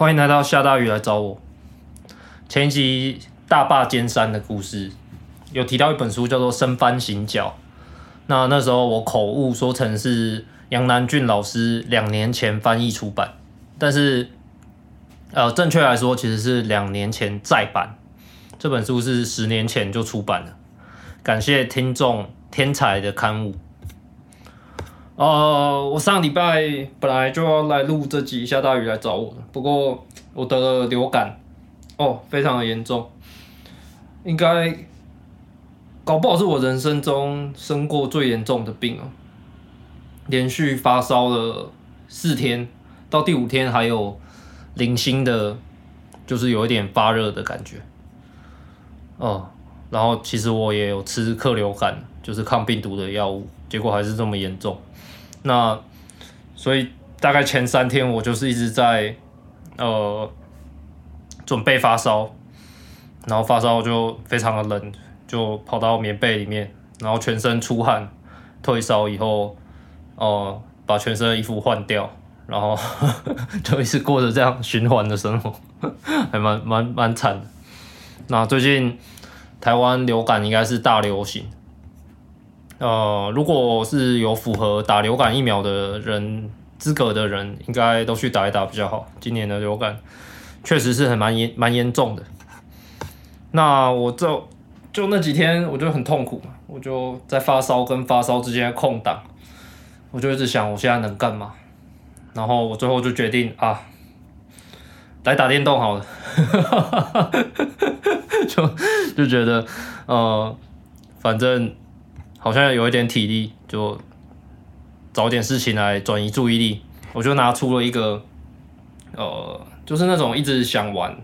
歡迎來到下大雨來找我。前一集大霸尖山的故事有提到一本書，叫做《生蕃行腳》。那那時候我口誤說成是楊南郡老師兩年前翻譯出版，但是呃，正確來說其實是兩年前再版。這本書是十年前就出版了。感謝聽眾天才的刊物。呃，uh, 我上禮拜本來就要來錄這集，下大雨來找我的，不過我得了流感，哦、oh,，非常的嚴重，應該搞不好是我人生中生過最嚴重的病哦，連續發燒了四天，到第五天還有零星的，就是有一點發熱的感覺，哦、uh,，然後其實我也有吃克流感，就是抗病毒的藥物，結果還是這麼嚴重。那，所以大概前三天我就是一直在，呃，準備發燒，然後發燒就非常的冷，就跑到棉被裡面，然後全身出汗，退燒以後，哦、呃，把全身的衣服換掉，然後 就一直過着這樣循環的生活，還蠻蠻蠻慘的。那最近台灣流感應該是大流行。呃，如果是有符合打流感疫苗的人資格的人，應該都去打一打比較好。今年的流感確實是很蠻嚴蠻嚴重的。那我就就那幾天，我就很痛苦嘛，我就在發燒跟發燒之間空檔，我就一直想我現在能幹嘛？然後我最後就決定啊，來打電動好了， 就就覺得呃，反正。好像有一點體力，就找點事情來轉移注意力。我就拿出了一個，呃，就是那種一直想玩，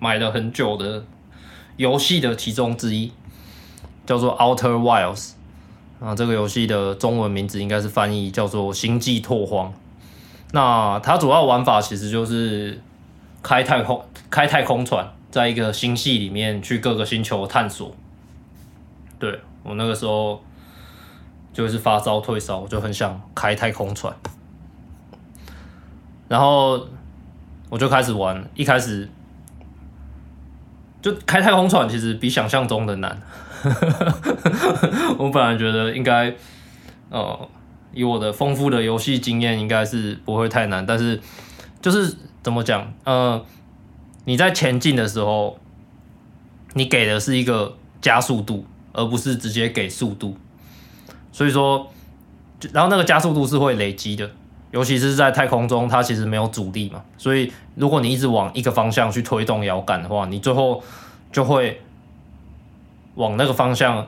買了很久的遊戲的其中之一，叫做《Outer Wilds》啊。這個遊戲的中文名字應該是翻譯叫做《星際拓荒》。那它主要玩法其實就是開太空、開太空船，在一個星系裡面去各個星球探索。對，我那個時候。就是發燒退燒，我就很想開太空船，然後我就開始玩，一開始就開太空船，其實比想象中的難。 我本來覺得應該，哦，以我的豐富的遊戲經驗，應該是不會太難。但是就是怎麼講，嗯、呃，你在前進的時候，你給的是一個加速度，而不是直接給速度。所以說，然後那個加速度是會累積的，尤其是在太空中，它其實沒有阻力嘛。所以如果你一直往一個方向去推動搖桿的話，你最後就會往那個方向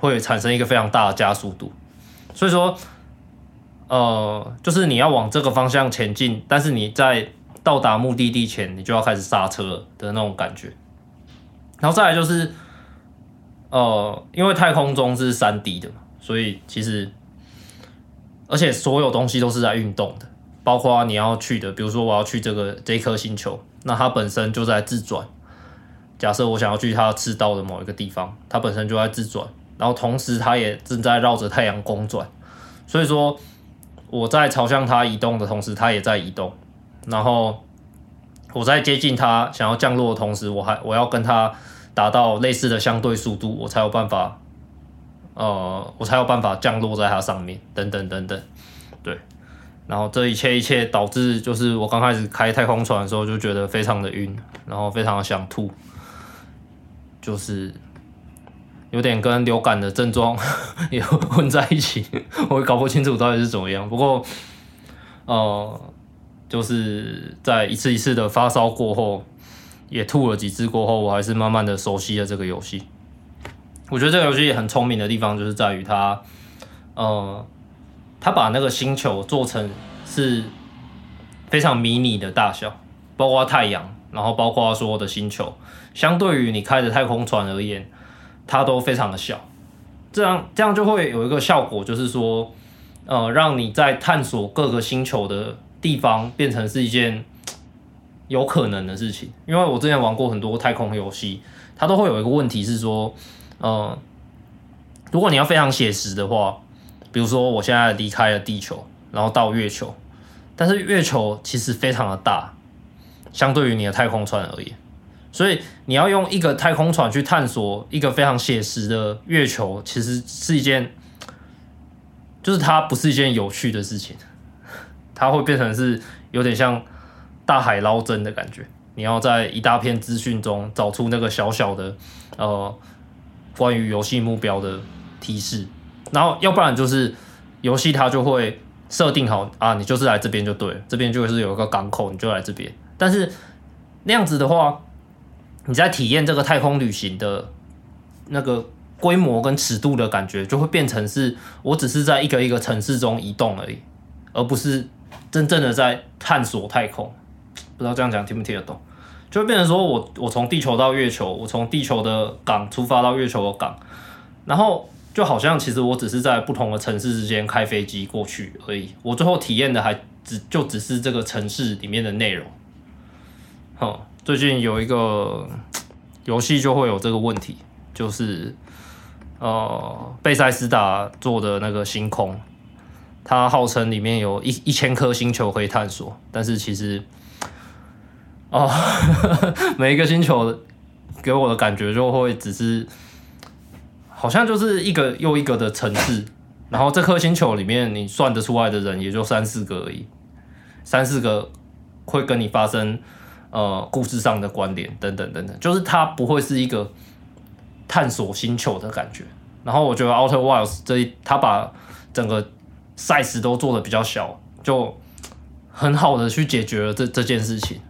會產生一個非常大的加速度。所以說，呃，就是你要往這個方向前進，但是你在到達目的地前，你就要開始剎車的那種感覺。然後再來就是，呃，因為太空中是 3D 的嘛。所以，其實，而且所有東西都是在運動的，包括你要去的，比如說我要去這個這一顆星球，那它本身就在自轉。假設我想要去它赤道的某一個地方，它本身就在自轉，然後同時它也正在繞着太陽公轉。所以說，我在朝向它移動的同時，它也在移動。然後，我在接近它想要降落的同時，我還我要跟它達到類似的相對速度，我才有辦法。呃，我才有辦法降落在它上面，等等等等，對。然後這一切一切導致，就是我剛開始開太空船的時候就覺得非常的暈，然後非常的想吐，就是有點跟流感的症狀也混在一起，我也搞不清楚到底是怎麼樣。不過，呃，就是在一次一次的發燒過後，也吐了幾次過後，我還是慢慢的熟悉了這個遊戲。我覺得這個遊戲很聰明的地方，就是在於它，呃，它把那個星球做成是非常迷你的大小，包括太陽，然後包括所有的星球，相對於你開的太空船而言，它都非常的小。這樣這樣就會有一個效果，就是說，呃，讓你在探索各個星球的地方變成是一件有可能的事情。因為我之前玩過很多太空遊戲，它都會有一個問題是說，嗯、呃，如果你要非常寫實的話，比如說我現在離開了地球，然後到月球，但是月球其實非常的大，相對於你的太空船而言，所以你要用一個太空船去探索一個非常寫實的月球，其實是一件，就是它不是一件有趣的事情，它會變成是有點像大海撈針的感覺，你要在一大片資訊中找出那個小小的呃。關於遊戲目標的提示，然後要不然就是遊戲它就會設定好啊，你就是來這邊就對，這邊就是有一個港口，你就來這邊。但是那樣子的話，你在體驗這個太空旅行的那個規模跟尺度的感覺，就會變成是我只是在一個一個城市中移動而已，而不是真正的在探索太空。不知道這樣講聽不聽得懂？就變成說我，我我從地球到月球，我從地球的港出發到月球的港，然後就好像其實我只是在不同的城市之間開飛機過去而已，我最後體驗的還只就只是這個城市裡面的內容。好，最近有一個遊戲就會有這個問題，就是呃，貝塞斯達做的那個《星空》，它號稱裡面有一一千顆星球可以探索，但是其實。哦，oh, 每一個星球給我的感覺就會只是，好像就是一個又一個的城市，然後這顆星球裡面你算得出來的人也就三四個而已，三四個會跟你發生呃故事上的關聯等等等等，就是它不會是一個探索星球的感覺。然後我覺得《Outer Wilds》這一，他把整個 size 都做得比較小，就很好的去解決了這這件事情。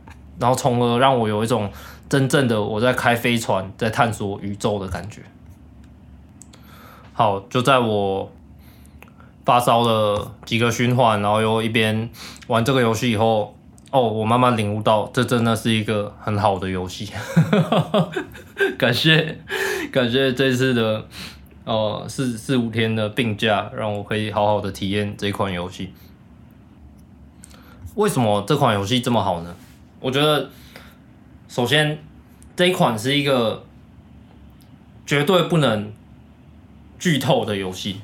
然後，從而讓我有一種真正的我在開飛船、在探索宇宙的感覺。好，就在我發燒了幾個循環，然後又一邊玩這個遊戲以後，哦，我慢慢領悟到，這真的是一個很好的遊戲。哈哈哈，感謝感謝這次的哦四四五天的病假，讓我可以好好的體驗這款遊戲。為什麼這款遊戲這麼好呢？我覺得，首先，這一款是一個絕對不能劇透的遊戲，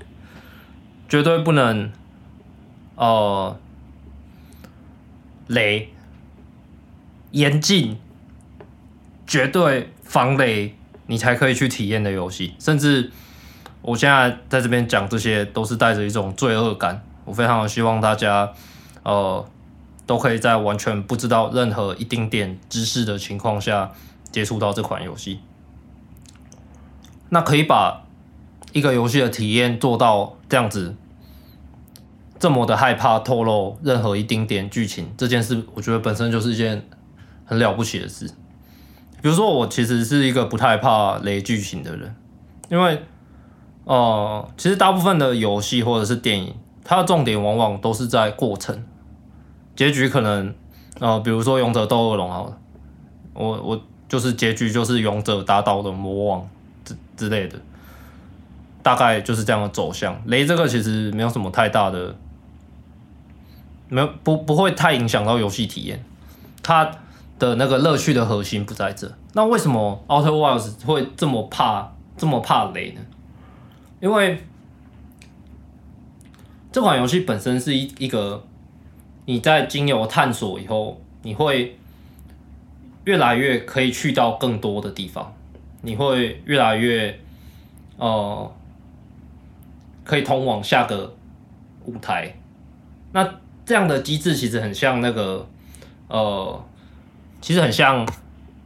絕對不能哦、呃、雷，嚴禁，絕對防雷，你才可以去體驗的遊戲。甚至我現在在這邊講，這些都是帶着一種罪惡感。我非常希望大家，呃。都可以在完全不知道任何一丁點知識的情況下接觸到這款遊戲。那可以把一個遊戲的體驗做到這樣子，這麼的害怕透露任何一丁點劇情這件事，我覺得本身就是一件很了不起的事。比如說，我其實是一個不太怕雷劇情的人，因為哦、呃，其實大部分的遊戲或者是電影，它的重點往往都是在過程。結局可能，呃，比如說《勇者鬥惡龍》啊，我我就是結局就是勇者打倒的魔王之之類的，大概就是這樣的走向。雷這個其實沒有什麼太大的，沒有不不會太影響到遊戲體驗，它的那個樂趣的核心不在這。那為什麼《Outer Wilds》會這麼怕這麼怕雷呢？因為這款遊戲本身是一一個。一你在經由探索以後，你會越來越可以去到更多的地方，你會越來越，哦、呃，可以通往下個舞台。那這樣的機制其實很像那個，呃，其實很像《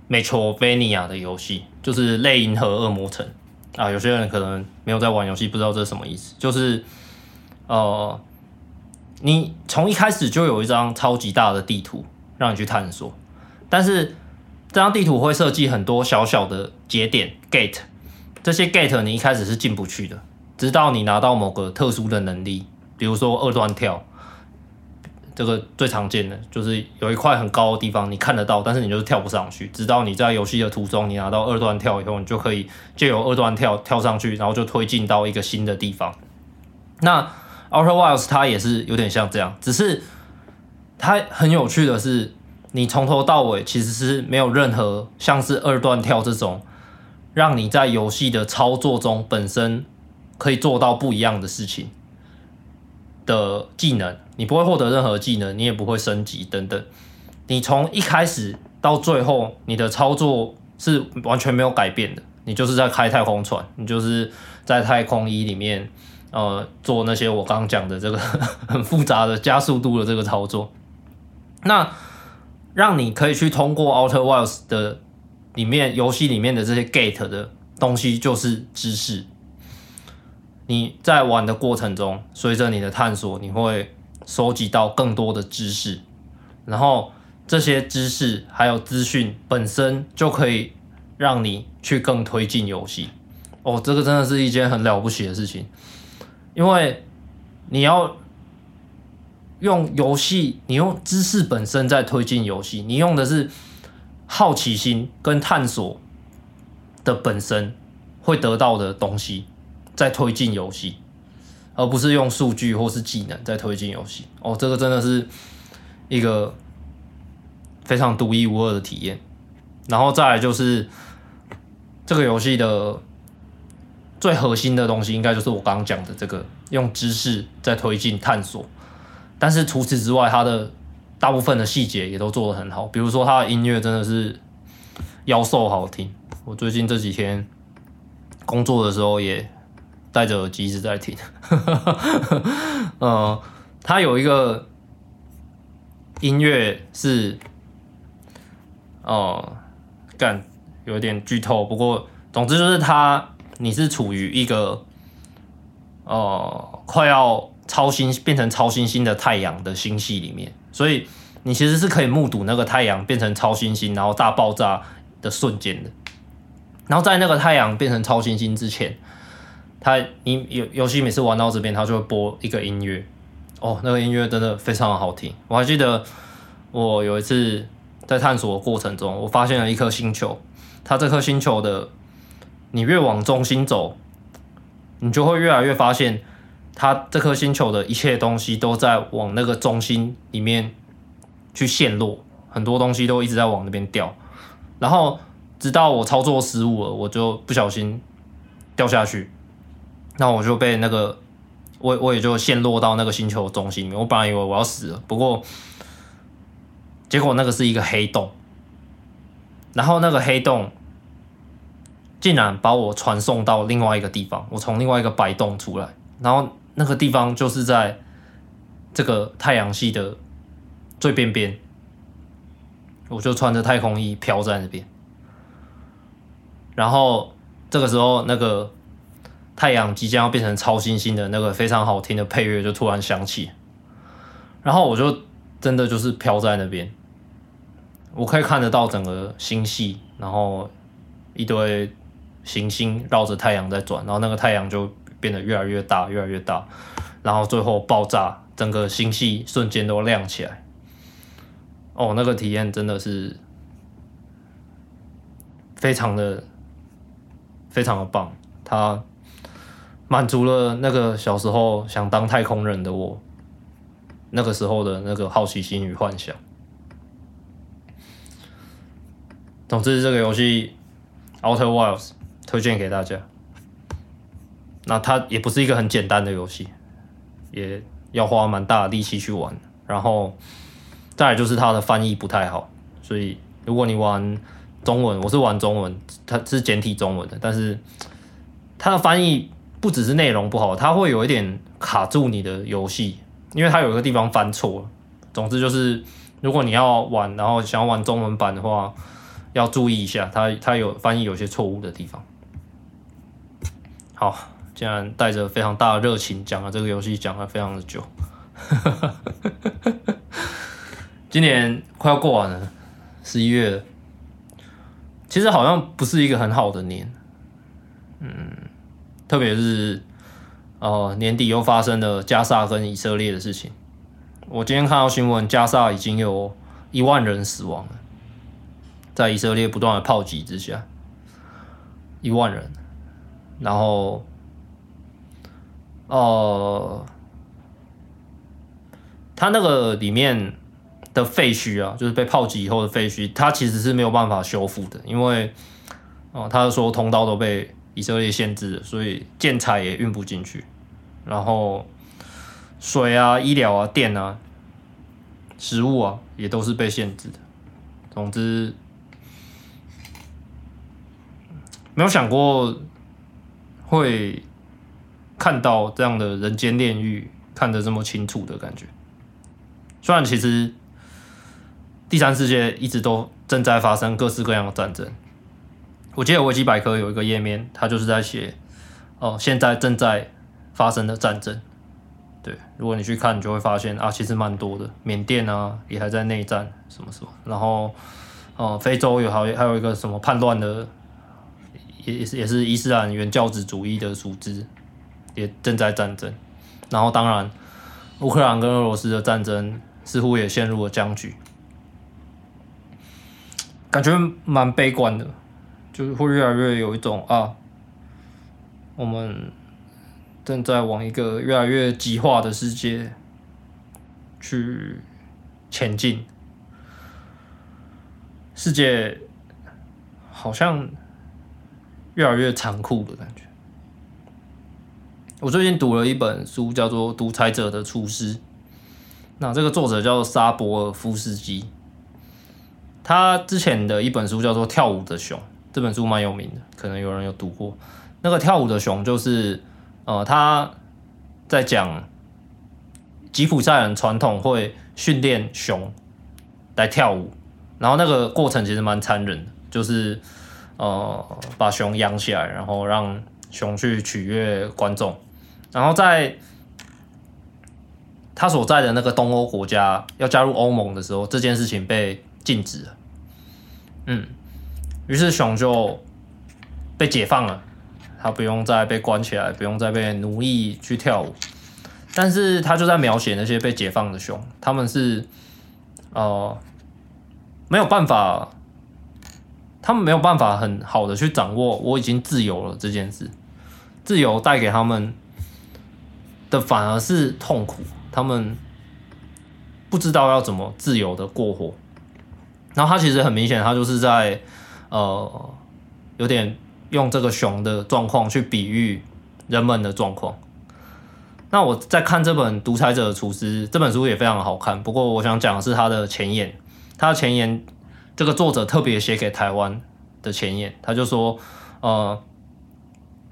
Metroidvania》的遊戲，就是《類銀河惡魔城》啊、呃。有些人可能沒有在玩遊戲，不知道這是什麼意思。就是，呃。你從一開始就有一張超級大的地圖讓你去探索，但是這張地圖會設計很多小小的節點 gate，這些 gate 你一開始是進不去的，直到你拿到某個特殊的能力，比如說二段跳。這個最常見的就是有一塊很高的地方你看得到，但是你就是跳不上去，直到你在遊戲的途中你拿到二段跳以後，你就可以借由二段跳跳上去，然後就推進到一個新的地方。那 Outer Wilds、er、它也是有點像這樣，只是它很有趣的是，你從頭到尾其實是沒有任何像是二段跳這種，讓你在遊戲的操作中本身可以做到不一樣的事情的技能，你不會獲得任何技能，你也不會升級等等，你從一開始到最後，你的操作是完全沒有改變的，你就是在開太空船，你就是在太空衣裡面。呃，做那些我剛剛講的這個很複雜的加速度的這個操作，那讓你可以去通過《Outer Wilds》的裡面遊戲裡面的這些 gate 的東西，就是知識。你在玩的過程中，隨着你的探索，你會收集到更多的知識，然後這些知識還有資訊本身就可以讓你去更推進遊戲。哦，這個真的是一件很了不起的事情。因為你要用遊戲，你用知識本身在推進遊戲，你用的是好奇心跟探索的本身會得到的東西在推進遊戲，而不是用數據或是技能在推進遊戲。哦，這個真的是一個非常獨一無二的體驗。然後再來就是這個遊戲的。最核心的東西應該就是我剛剛講的這個用知識在推進探索，但是除此之外，它的大部分的細節也都做得很好。比如說它的音樂真的是妖獸好聽，我最近這幾天工作的時候也戴着耳機一直在聽。 嗯，它有一個音樂是，哦、嗯，幹有點劇透，不過總之就是它。你是處於一個，呃，快要超新變成超新星的太陽的星系裡面，所以你其實是可以目睹那個太陽變成超新星然後大爆炸的瞬間的。然後在那個太陽變成超新星之前，他，你遊遊戲每次玩到這邊，它就會播一個音樂，哦，那個音樂真的非常的好聽。我還記得我有一次在探索的過程中，我發現了一顆星球，它這顆星球的。你越往中心走，你就會越來越發現，它這顆星球的一切東西都在往那個中心裡面去陷落，很多東西都一直在往那邊掉。然後直到我操作失誤了，我就不小心掉下去，那我就被那個，我我也就陷落到那個星球的中心裡面。我本來以為我要死了，不過結果那個是一個黑洞，然後那個黑洞。竟然把我傳送到另外一個地方，我從另外一個白洞出來，然後那個地方就是在這個太陽系的最邊邊，我就穿着太空衣飄在那邊。然後這個時候，那個太陽即將要變成超新星的那個非常好聽的配樂就突然響起，然後我就真的就是飄在那邊，我可以看得到整個星系，然後一堆。行星繞着太陽在轉，然後那個太陽就變得越來越大，越來越大，然後最後爆炸，整個星系瞬間都亮起來。哦，那個體驗真的是非常的非常的棒，它滿足了那個小時候想當太空人的我，那個時候的那個好奇心與幻想。總之，這個遊戲《Outer Wilds》。推薦給大家。那它也不是一個很簡單的遊戲，也要花蠻大的力氣去玩。然後，再來就是它的翻譯不太好，所以如果你玩中文，我是玩中文，它是簡體中文的，但是它的翻譯不只是內容不好，它會有一點卡住你的遊戲，因為它有一個地方翻錯了。總之就是，如果你要玩，然後想要玩中文版的話，要注意一下，它它有翻譯有些錯誤的地方。好、哦，竟然帶着非常大的熱情講了這個遊戲，講了非常的久。 今年快要過完了，十一月，其實好像不是一個很好的年，嗯，特別是呃年底又發生了加薩跟以色列的事情。我今天看到新聞，加薩已經有一萬人死亡了，在以色列不斷的炮擊之下，一萬人。然後，呃，他那個裡面的廢墟啊，就是被炮擊以後的廢墟，他其實是沒有辦法修復的，因為哦，他、呃、說通道都被以色列限制，所以建材也運不進去，然後水啊、醫療啊、電啊、食物啊，也都是被限制的。總之，沒有想過，會看到這樣的人間煉獄，看得這麼清楚的感覺。雖然其實第三世界一直都正在發生各式各樣的戰爭。我記得維基百科有一個頁面，它就是在寫哦、呃，現在正在發生的戰爭。對，如果你去看，你就會發現啊，其實蠻多的。緬甸啊，也還在內戰什麼什麼，然後哦、呃，非洲有好，還有一個什麼叛亂的。也也是也是伊斯蘭原教旨主義的組織，也正在戰爭。然後，當然，烏克蘭跟俄羅斯的戰爭似乎也陷入了僵局，感覺蠻悲觀的，就是會越來越有一種啊，我們正在往一個越來越極化的世界去前進，世界好像。越來越殘酷的感覺。我最近讀了一本書，叫做《獨裁者的廚師》。那這個作者叫做沙博爾夫斯基。他之前的一本書叫做《跳舞的熊》，這本書蠻有名的，可能有人有讀過。那個跳舞的熊就是呃，他在講吉普賽人傳統會訓練熊來跳舞，然後那個過程其實蠻殘忍的，就是。呃，把熊養起來，然後讓熊去取悅觀眾。然後在他所在的那個東歐國家要加入歐盟的時候，這件事情被禁止了。嗯，於是熊就被解放了，他不用再被關起來，不用再被奴役去跳舞。但是他就在描寫那些被解放的熊，他們是，呃，沒有辦法。他們沒有辦法很好的去掌握“我已經自由了”這件事，自由帶給他們的反而是痛苦。他們不知道要怎麼自由的過活。然後他其實很明顯，他就是在呃，有點用這個熊的狀況去比喻人們的狀況。那我在看這本《獨裁者的廚師》，這本書也非常好看。不過我想講的是他的前言，他的前言。這個作者特別寫給台灣的前言，他就說：“呃，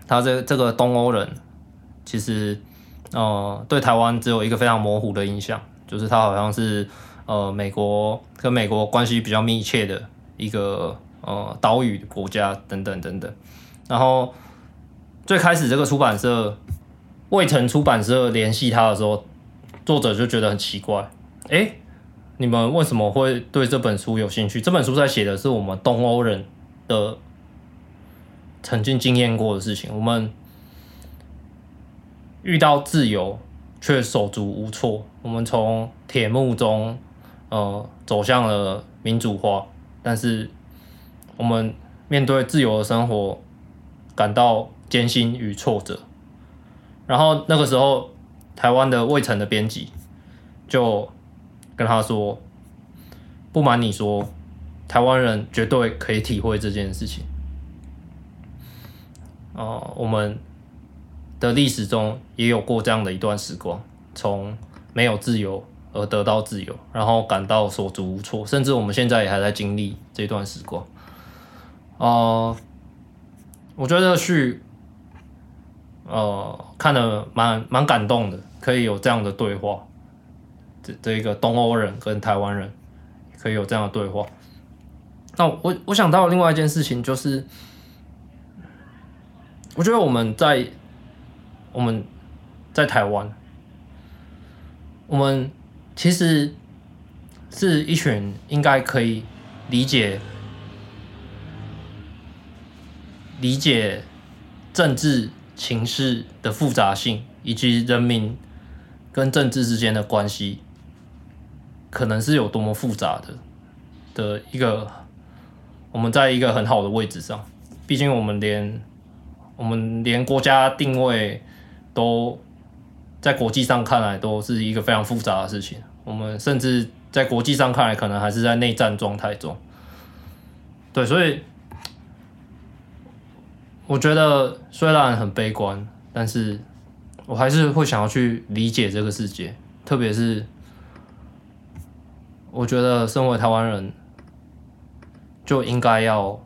他這這個東歐人，其實呃對台灣只有一個非常模糊的印象，就是他好像是呃美國跟美國關係比較密切的一個呃島嶼國家等等等等。然後最開始這個出版社衛城出版社聯繫他的時候，作者就覺得很奇怪，哎。”你們為什麼會對這本書有興趣？這本書在寫的是我們東歐人的曾經經驗過的事情。我們遇到自由卻手足無措。我們從鐵幕中呃走向了民主化，但是我們面對自由的生活感到艱辛與挫折。然後那個時候，台灣的衛城的編輯就。跟他說，不瞞你說，台灣人絕對可以體會這件事情。啊、呃，我們的歷史中也有過這樣的一段時光，從沒有自由而得到自由，然後感到手足無措，甚至我們現在也還在經歷這段時光。啊、呃，我覺得是，呃，看了蠻蠻感動的，可以有這樣的對話。這這一個東歐人跟台灣人可以有這樣的對話，那我我想到另外一件事情，就是我覺得我們在我們在台灣，我們其實是一群應該可以理解理解政治情勢的複雜性，以及人民跟政治之間的關係。可能是有多麼複雜的的一個，我們在一個很好的位置上，畢竟我們連我們連國家定位都在國際上看來都是一個非常複雜的事情，我們甚至在國際上看來可能還是在內戰狀態中。對，所以我覺得雖然很悲觀，但是我還是會想要去理解這個世界，特別是。我覺得身為台灣人就應該要，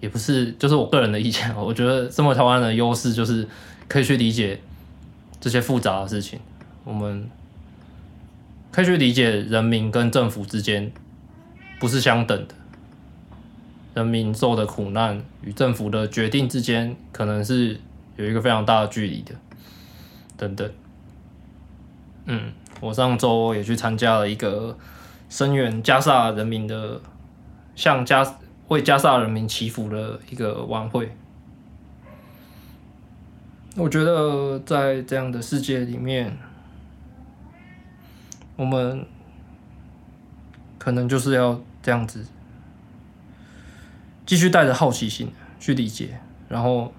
也不是，就是我個人的意見。我覺得身為台灣人的優勢就是可以去理解這些複雜的事情。我們可以去理解人民跟政府之間不是相等的，人民受的苦難與政府的決定之間可能是有一個非常大的距離的。等等。嗯，我上周也去參加了一個。聲援加沙人民的，向加，為加沙人民祈福的一個晚會。我覺得在這樣的世界裡面，我們可能就是要這樣子，繼續帶着好奇心去理解，然後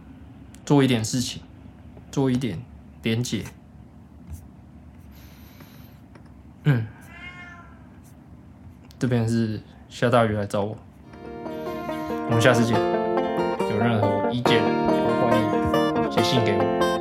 做一點事情，做一點連結。嗯。這邊是下大雨來找我，我們下次見。有任何意見，歡迎寫信給我。